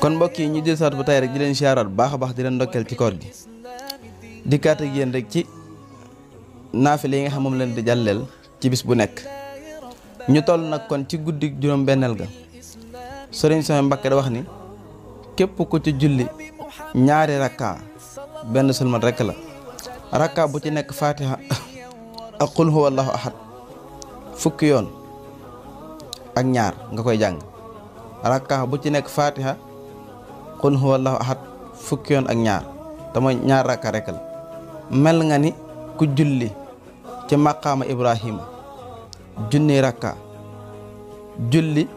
kon mbokk yi ñu dellusiwaat ba tey rek di leen siyaaraat bu baax a baax di leen ndokkeel ci koor gi dikkaat ak yéen rek ci naafile yi nga xam leen di jàlleel ci bis bu nekk ñu toll nag kon ci guddi juróom benneel ga sëriñ Sama Mbakke da wax ni képp ku ci julli ñaari rakka benn sulmat rekk la rakka bu ci nekk fatiha ak qul huwa allahu ahad fukki yoon ak ñaar nga koy jàng rakka bu ci nekk fatiha qul huwa allahu ahad fukki yoon ak ñaar te ñaar rakka rek la mel nga ni ku julli ci maqaama ibrahima junni rakka julli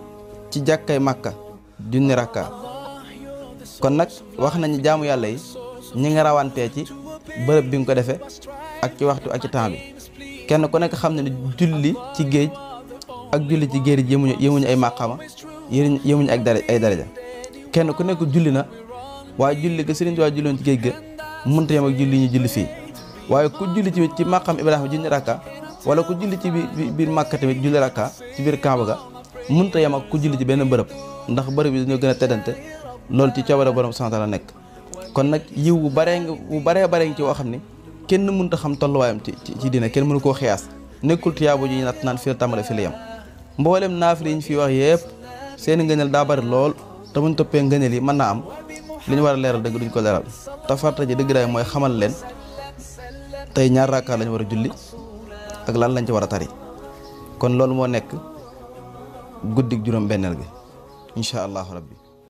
ci jàkkay makka junni rakka kon nag wax nañu jaamu yàlla yi ñi nga rawantee ci bërëb bi nga ko defee ak ci waxtu ak ci temps bi kenn ku nekk xam ne ne julli ci géej ak julli ci géej yi yemuñu yemuñu ay maqaama yemuñu ak dara ay daraja kenn ku nekk julli na waaye julli ga sëriñ Tuubaa julloon ci géej ga mënta yem ak julli ñu julli fii waaye ku julli tamit ci maqam Ibrahima julli rakka wala ku julli ci biir Màkka tamit julli rakka ci biir Kaaba ga mënta yem ak ku julli ci benn bërëb ndax bërëb yi dañoo gën a teddante loolu ci coobare borom sant la nekk kon nag yiw wu baree nga wu baree baree nga ci woo xam ne kenn mënta xam tolluwaayam ci ci dina kenn mënu koo xiyaas nekkul tiyaabo ji ñu natt naan fi la tàmbale fi la yem mboolem naafile yi ñu fi wax yëpp seen daa bari lool te buñ toppee ngëneel yi mën naa am li ñu war a leeral dëgg duñ ko leeral te farata ji dëgg mooy xamal leen tey ñaar raakaar lañu war a julli ak lan lañ ci war a tari kon loolu moo nekk guddik juróom benneel gi incha allahu rabbi